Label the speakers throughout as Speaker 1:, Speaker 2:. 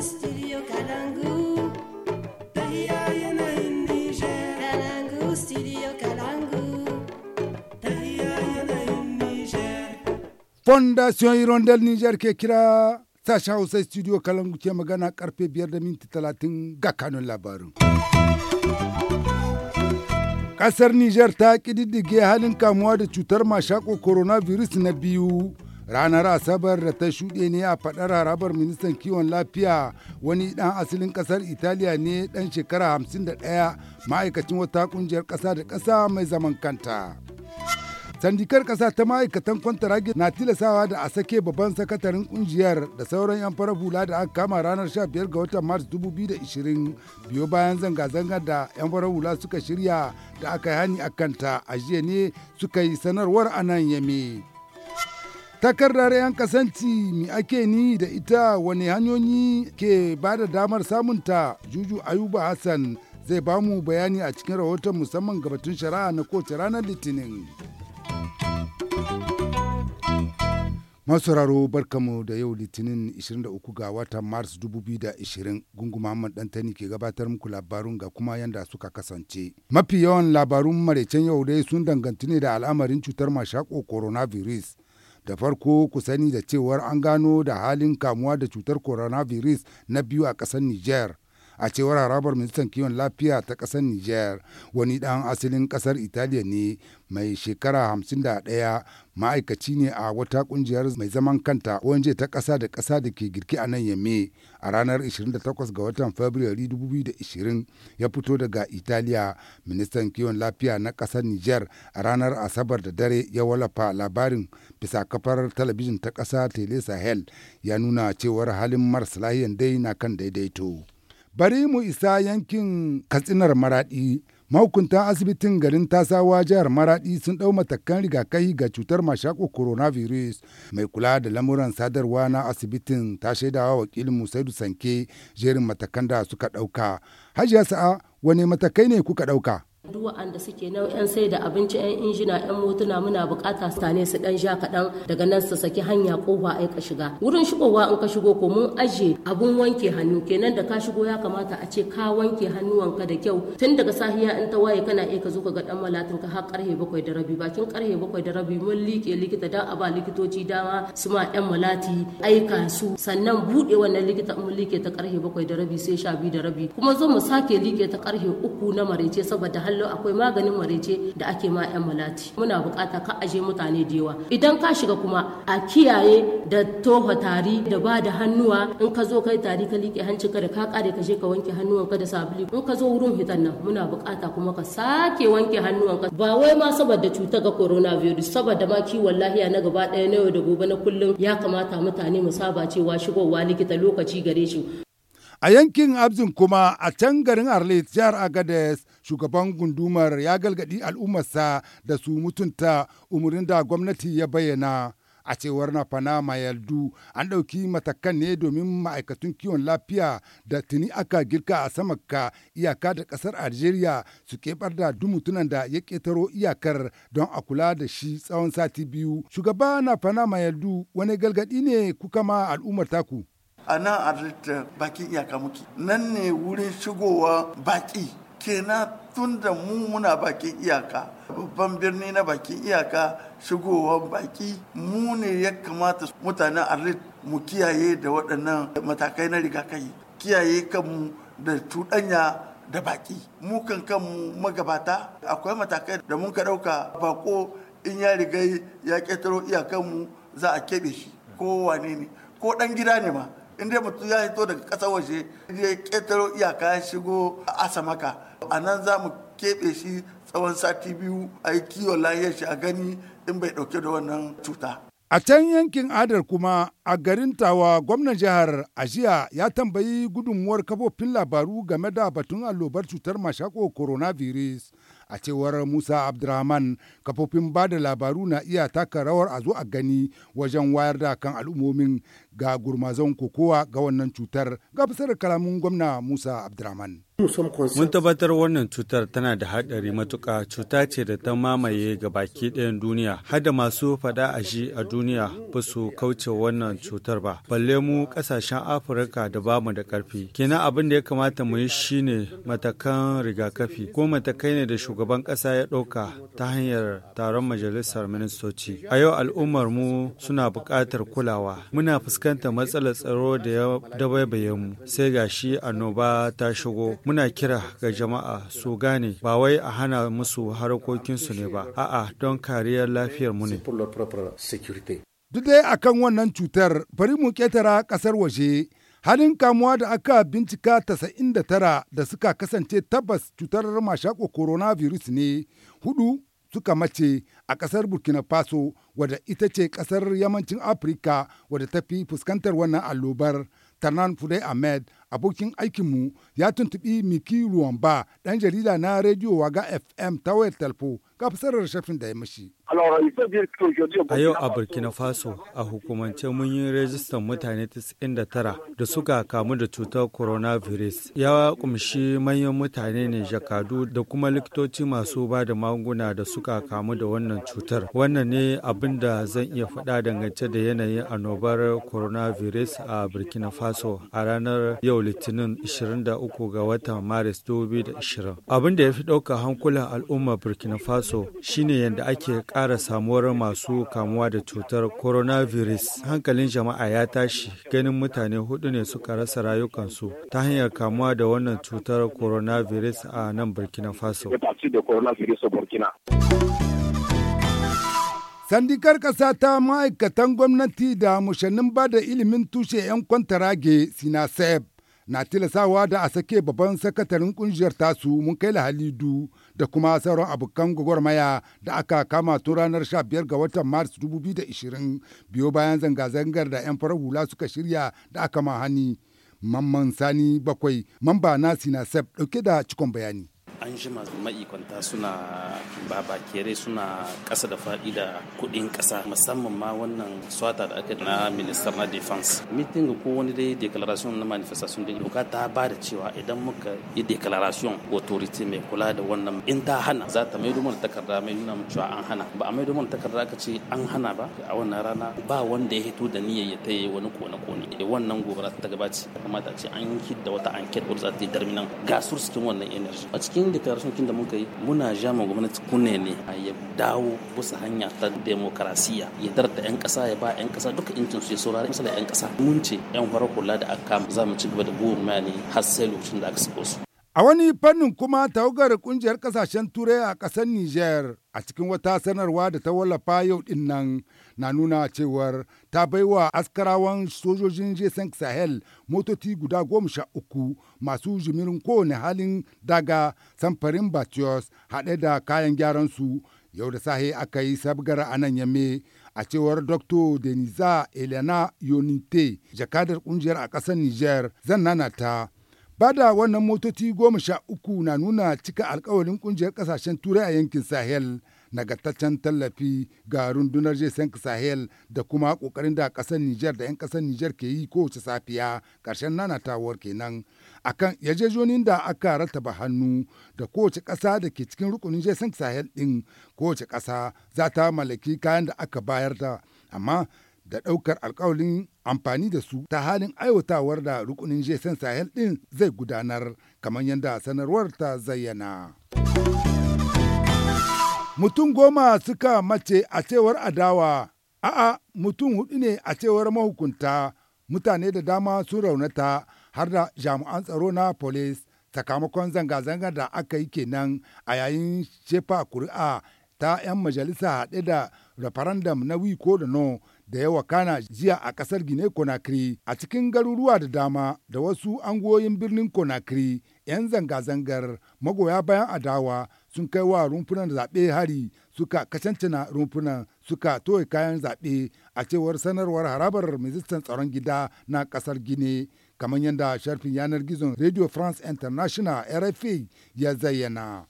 Speaker 1: studio
Speaker 2: Fondation Irondel Niger ke kira sashen Hausa studio Kalangu ke magana karfe biyar da minti talatin ga kanun labarin. Kasar Niger ta ƙididdige halin kamuwa da cutar mashako coronavirus na biyu ranar asabar da ta shuɗe ne a faɗar harabar ministan kiwon lafiya wani ɗan asalin ƙasar italiya ne ɗan shekara 51 ma'aikacin wata ƙungiyar ƙasa da ƙasa mai zaman kanta sandikar ƙasa ta ma'aikatan kwantaragi na tilasawa da a sake babban sakatarin ƙungiyar da sauran 'yan farar hula da aka kama ranar 15 ga watan mars 2020 biyo bayan zanga zanga da 'yan farar hula suka shirya da aka yi hani a kanta a jiya ne suka yi sanarwar a nan yame. takardar 'yan kasanci mi ake ni da ita wani hanyoyi ke ba da damar samunta juju ayuba hassan zai ba mu bayani a cikin rahoton musamman gabatun shari'a na kowace ranar litinin masauraro barkamu da yau litinin 23 ga watan mars 2020 gungu muhammad dantani ke gabatar muku labarun ga kuma yanda suka kasance mafi yawan labarun maraicen yau dai sun danganci ne da al'amarin cutar mashako coronavirus Da farko ku sani da cewar an gano da halin kamuwa da cutar coronavirus na biyu a ƙasar Nijar. a cewar harabar ministan kiwon lafiya ta ƙasar niger wani ɗan asalin ƙasar italiya ne mai shekara 51 ma'aikaci ne a wata ƙungiyar mai zaman kanta wanje ta ƙasa da kasa da ke girki a nan yame a ranar 28 ga watan fabrairu 2020 ya fito daga italiya ministan kiwon lafiya na ƙasar niger a ranar asabar da dare ya wallafa labarin bisa kafar talabijin ta ƙasa tele sahel ya nuna cewar halin marasa lahiyan dai na kan daidaito. Bari mu isa yankin katsinar maraɗi. Mahukuntan asibitin garin tasawa jihar Maraɗi sun ɗau matakan rigakai ga cutar mashaƙo coronavirus mai kula da lamuran sadarwa na asibitin ta shaidawa wakilin Musaidu Sanke jerin matakan da suka ɗauka. Hajiya sa'a wane matakai ne kuka ɗauka?
Speaker 3: duk da suke nan 'yan sai da abinci 'yan injina 'yan motuna muna bukata su tane su dan sha kaɗan daga nan su saki hanya kofa ai ka shiga wurin shigowa in ka shigo ko mun aje abun wanke hannu kenan da ka shigo ya kamata a ce ka wanke hannuwanka da kyau tun daga sahiya in ta waye kana iya ka zo ka ga dan malatin ka har karhe bakwai da rabi bakin karhe bakwai da rabi mun like likita dan a ba likitoci dama su ma 'yan malati aika su sannan bude wannan likita mun like ta karhe bakwai da rabi sai sha biyu da rabi kuma zo mu sake like ta karhe uku na marece saboda hal kallo akwai maganin marece da ake ma yan malati muna bukata ka aje mutane da yawa idan ka shiga kuma a kiyaye da toha tari da ba da hannuwa in ka zo kai tari ka liƙe hanci ka da ka kare ka je ka wanke ka da sabulu in ka zo wurin hitan nan muna bukata kuma ka sake wanke hannuwan ka ba wai ma saboda cutar ga coronavirus saboda ma kiwon lahiya na gaba ɗaya na yau da gobe na kullum ya kamata mutane mu saba cewa shigowa likita lokaci gare shi.
Speaker 2: A yankin Abzin kuma a can garin Arlit jihar Agades shugaban gundumar ya galgadi al'ummarsa da su mutunta umurin da gwamnati ya bayyana. a cewar na panama yaldu an ɗauki matakan ne domin ma'aikatun kiwon lafiya da tuni aka girka a ka iyaka da ƙasar algeria su keɓar da dumutunan da ya ƙetaro iyakar don a kula da shi tsawon sati biyu shugaba na panama yaldu wani galgaɗi ne kuka ma al'ummar taku a nan arlit bakin iyaka muke nan ne wurin shigowa baki kena tun da mu muna bakin iyaka babban birni na bakin iyaka shigowar baki mu ne ya kamata mutanen arlit mu kiyaye da waɗannan matakai na rigakafi kiyaye kanmu da cuɗanya da baki mu kan kanmu magabata akwai matakai da mun ka ɗauka bako in ya riga ya ƙetaro iyakanmu za a keɓe shi ko wane ne ko ɗan gida ne ma in dai mutum ya hito daga ƙasar waje ya ƙetaro iyaka ya shigo a asamaka a nan za mu keɓe shi tsawon sati biyu a yi kiwon lahiyar shi a gani in bai ɗauke da wannan cuta. A can yankin adar kuma a garin tawa gwamnan jihar Ajiya ya tambayi gudunmuwar kafofin labaru game da batun allobar cutar mashako coronavirus. a cewar musa abdurrahman kafofin ba da labaru na iya taka rawar a zo a gani wajen wayar da kan al'ummomin ga gurmazon kokowa ga wannan cutar ga fasarar kalamin gwamna musa abdurrahman Mun
Speaker 4: tabbatar wannan cutar tana da haɗari matuƙa cuta ce da ta mamaye ga baki ɗayan duniya. Hada masu faɗa a shi a duniya ba su kauce wannan cutar ba. Balle mu ƙasashen Afirka da bamu da ƙarfi. Kina abin da ya kamata mu yi shine matakan rigakafi ko matakai ne da shugaban ƙasa ya ɗauka ta hanyar taron majalisar ministoci. A yau al'ummar mu suna buƙatar kulawa. Muna fuskantar matsalar tsaro da ya dabaibaye mu sai ga shi annoba ta shigo. muna kira ga jama'a su gane ba wai a hana musu harkokinsu ne ba a'a don kariyar lafiyar mu ne
Speaker 2: duk dai akan wannan cutar bari mu ketara kasar waje halin kamuwa da aka bincika 99 da suka kasance tabbas cutar mashako coronavirus ne hudu suka mace a kasar burkina faso wadda ita ce kasar yamancin afirka wadda ta fi fuskantar wannan allobar tanan fudai ahmed abokin aikinmu ya tuntuɓi Miki Ruwanba ɗan jarida na rediyo Waga FM ta talfo ga fasarar shafin da ya mashi. A
Speaker 4: yau a Burkina Faso a hukumance mun yi rajistan mutane 99 da suka kamu da cutar coronavirus. Ya kumshi manyan mutane ne jakadu da kuma likitoci masu ba da magunguna da suka kamu da wannan cutar. Wannan ne abin da zan iya faɗa dangance da yanayin annobar coronavirus a Burkina Faso a ranar yau litinin 23 ga watan maris 2020 abin da ya fi ɗauka hankulan al'umma burkina faso shine yadda ake ƙara samuwar masu kamuwa da cutar coronavirus hankalin jama'a ya tashi ganin mutane hudu ne suka rasa rayukansu ta hanyar kamuwa da wannan cutar coronavirus a nan burkina faso
Speaker 2: Sandikar ƙasa ta ma'aikatan gwamnati da mushannin ba da ilimin tushe 'yan kwantarage sinasep na tilasawa da a sake babban sakatarin kungiyar tasu mun kai halidu da kuma sauran abokan gwagwarmaya da aka kama tun ranar 15 ga watan mars 2020 biyo bayan zanga-zangar da 'yan farar hula suka shirya da aka ma hani mamman sani bakwai mamba na sinasef dauke da cikon bayani sun masu ma'ikwanta suna babakere suna kasa da faɗi da kuɗin ƙasa musamman ma wannan swata da aka na minister na defense meeting ko wani dai declaration na manifestation da doka ta ba da cewa idan muka yi declaration authority mai kula da wannan in ta hana za ta maido mana takarda mai nuna cewa an hana ba a maido mana takarda aka ce an hana ba a wannan rana ba wanda ya hito da niyyar ya taya wani kone kone da wannan gobara ta gabaci kamata a ce an yi da wata anket wadda za ta yi darminan gasur cikin wannan energy a cikin harsunokin da muka yi muna ma gwamnati kunne ne a ya dawo wasu hanya ta demokarasiya ya darata 'yan kasa ya ba 'yan kasa duka intin su ya saurari misali 'yan kasa mun ce 'yan farar kula da aka kama za mu ci gaba da goma ne har sai lokacin da aka sako su A wani fannin kuma tawagar kungiyar kasashen Turai a ƙasar niger a cikin wata sanarwa da ta wallafa yau din nan na nuna cewar ta baiwa askarawan sojojin jesan Sahel motoci guda goma sha uku masu jimirin kowane halin daga samfarin Batios haɗe da kayan gyaran su yau da sahe aka yi sabgar a nan yamme a cewar dr denisa elena yonite jakadar kungiyar a ƙasar niger zan nana ta. Bada wannan motoci goma sha uku na nuna cika alkawarin kungiyar kasashen turai a yankin Sahel nagartaccen tallafi ga rundunar jason Sahel da kuma kokarin da kasar Nijar da 'yan kasar Nijar ke yi kowace safiya karshen tawar kenan akan yajejonin da aka rattaba hannu da kowace ƙasa da ke cikin rukunin jason Sahel ɗin kowace ƙasa za ta mallaki kayan da aka bayar da amma da ɗaukar alkawalin amfani da su ta halin aiwatawar da rukunin jesan sahel ɗin zai gudanar kamar yadda sanarwar ta zayyana. Mutum goma suka mace a cewar adawa, a'a mutum hudu ne a cewar mahukunta, mutane da dama sun raunata har da jami'an tsaro na polis sakamakon zanga zanga da aka yi kenan a yayin shefa kuri'a ta 'yan majalisa haɗe da referendum na wiko da no da ya wakana jiya a kasar Gine Conakry a cikin garuruwa da dama da wasu angoyin birnin Conakry 'yan zanga-zangar magoya bayan adawa sun kai wa rumfunan zaɓe hari suka kacancana rumfunan suka toye kayan zaɓe a cewar sanarwar harabar ministan tsaron gida na ƙasar Gine kamar yadda sharfin yanar gizon Radio France International RFA ya zayyana.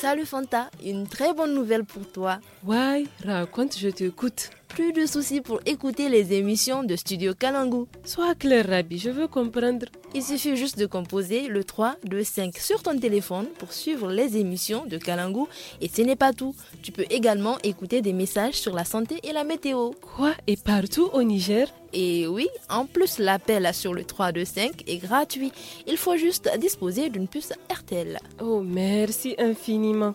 Speaker 1: Salut Fanta, une très bonne nouvelle pour toi. Ouais, raconte, je t'écoute plus de soucis pour écouter les émissions de Studio Kalangu. Sois clair, Rabbi, je veux comprendre. Il suffit juste de composer le 3, 2, 5 sur ton téléphone pour suivre les émissions de Kalangu. Et ce n'est pas tout. Tu peux également écouter des messages sur la santé et la météo. Quoi Et partout au Niger et oui, en plus, l'appel sur le 5 est gratuit. Il faut juste disposer d'une puce RTL. Oh, merci infiniment.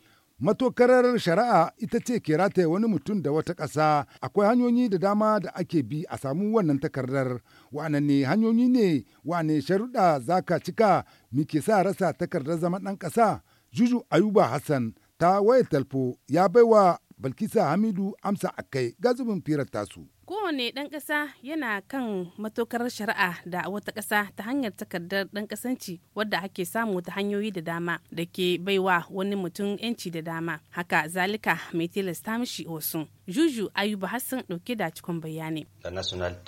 Speaker 2: Matokarar shari'a ita ce ke rataye wani mutum da wata ƙasa akwai hanyoyi da dama da ake bi a samu wannan takardar ne hanyoyi ne wane sharuɗa za ka cika muke sa rasa takardar zama ɗan ƙasa juju ayuba hassan ta waye talfo ya baiwa balkisa hamidu amsa akai gazubin firar tasu.
Speaker 1: kowane ɗan ƙasa yana kan matukar shari'a da wata ƙasa ta hanyar takardar ɗan ƙasanci wadda ake samu ta hanyoyi da dama da ke baiwa wani mutum 'yanci da dama haka zalika mai tilasta mishi wasu juju ayuba hassan ɗauke da cikin bayani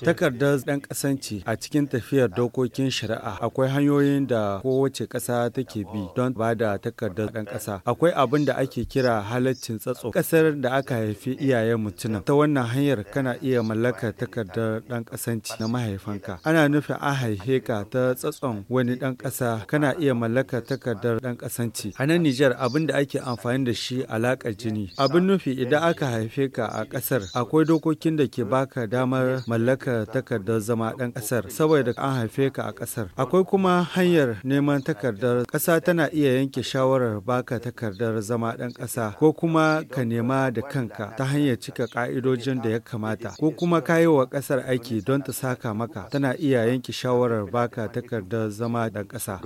Speaker 4: takardar ɗan ƙasanci a cikin tafiyar dokokin shari'a akwai hanyoyin da kowace ƙasa take bi don ba da takardar ɗan ƙasa akwai abin da ake kira halaccin tsatso ƙasar da aka haifi iyayen mutum ta wannan hanyar kana iya mallaka takardar ɗan ƙasanci na mahaifanka. Ana nufin an haife ka ta tsatson wani ɗan ƙasa kana iya mallaka takardar ɗan ƙasanci. A nan Nijar abin da ake amfani da shi alaƙa jini. Abin nufi idan aka haife ka a ƙasar akwai dokokin da ke baka damar mallaka takardar zama ɗan ƙasar saboda an haife ka a ƙasar. Akwai kuma hanyar neman takardar ƙasa tana iya yanke shawarar baka takardar zama ɗan ƙasa ko kuma ka nema da kanka ta hanyar cika ƙa'idojin da ya kamata ko kuma ka yi wa ƙasar aiki don ta saka maka tana iya yanke shawarar baka takardar zama da ƙasa.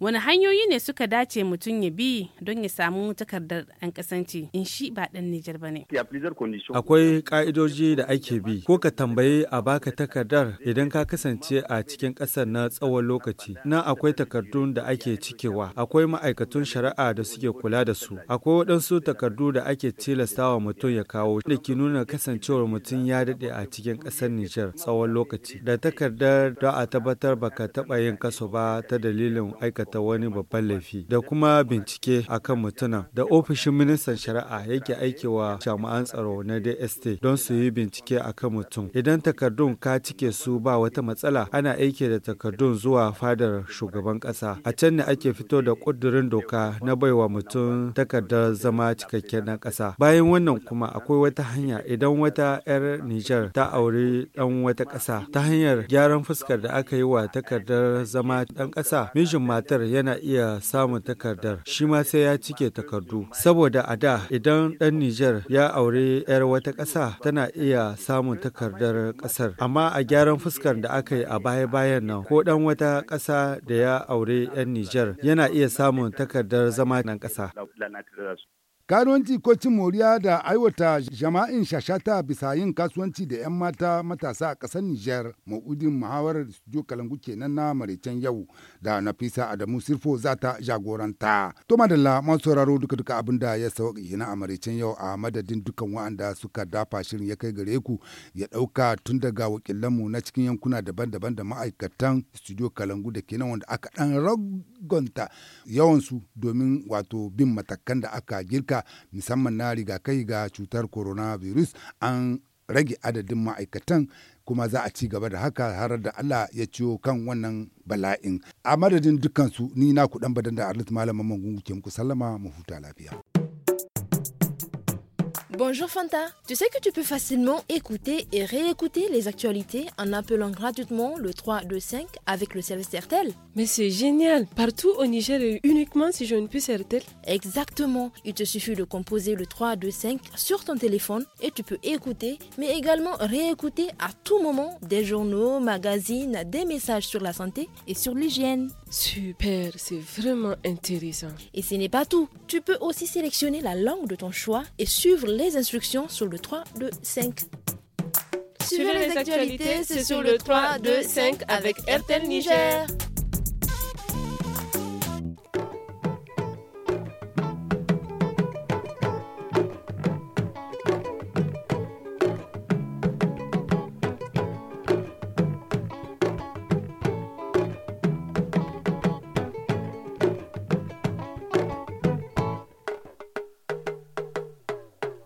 Speaker 1: Wani hanyoyi ne suka dace mutum ya bi don ya samu takardar ɗan kasanci in shi ba ɗan Nijar ba ne.
Speaker 4: Akwai ka'idoji da ake bi ko ka tambayi a baka takardar idan ka kasance a cikin ƙasar na tsawon lokaci. Na akwai takardun da ake cikewa, akwai ma'aikatun shari'a da suke kula da su, akwai waɗansu takardu da ake tilastawa mutum ya kawo da ke nuna kasance cewar mutum ya daɗe a cikin ƙasar Nijar tsawon lokaci. Da takardar da a tabbatar baka taɓa yin kaso ba ta dalilin aikata wani babban laifi da kuma bincike akan mutumin da ofishin ministan shari'a yake aikewa jami'an tsaro na DST don su yi bincike akan mutum. Idan takardun ka cike su ba wata matsala ana aiki da takardun zuwa fadar shugaban ƙasa. A can ne ake fito da ƙudurin doka na baiwa mutum takardar zama cikakken na ƙasa. Bayan wannan kuma akwai wata hanya idan wata wata 'yar Nijar ta auri ɗan wata ƙasa ta hanyar gyaran fuskar da aka yi wa takardar zama ɗan ƙasa mijin matar yana iya samun takardar shi ma sai ya cike takardu saboda a da idan ɗan Nijar ya auri 'yar wata ƙasa tana iya samun takardar ƙasar amma a gyaran fuskar da aka yi a baya-bayan nan ko ɗan wata ƙasa da ya aure 'yan Nijar yana iya samun takardar zama ɗan ƙasa.
Speaker 2: Karuwanci ko cin moriya da aiwata jama'in shashata bisa yin kasuwanci da 'yan mata matasa a ƙasar Nijar maudin muhawarar studio Kalangu kenan na maraicen yau da Nafisa Adamu Sirfo za ta jagoranta. To madalla masu sauraro duka duka abin da ya sauƙi hina a maraicen yau a madadin dukan wa'anda suka dafa shirin ya kai gare ku ya ɗauka tun daga wakilanmu na cikin yankuna daban-daban da ma'aikatan studio Kalangu da kenan wanda aka ɗan gonta yawansu domin wato bin matakan da aka girka musamman na rigakai ga cutar coronavirus an rage adadin ma'aikatan kuma za a ci gaba da haka har da Allah ya ciyo kan wannan bala'in. A madadin dukansu ni na kuɗan badan da Arlit Malam Mamman Gungu ke muku sallama mu huta lafiya.
Speaker 1: Bonjour Fanta. Tu sais que tu peux facilement écouter et réécouter les actualités en appelant gratuitement le 325 avec le service RTL. Mais c'est génial. Partout au Niger et uniquement si je ne puisse RTL. Exactement. Il te suffit de composer le 325 sur ton téléphone et tu peux écouter mais également réécouter à tout moment des journaux, magazines, des messages sur la santé et sur l'hygiène. Super, c'est vraiment intéressant. Et ce n'est pas tout. Tu peux aussi sélectionner la langue de ton choix et suivre les instructions sur le 3, 2, 5. Suivez les actualités, c'est sur le 3, 2, 5 avec RTL Niger.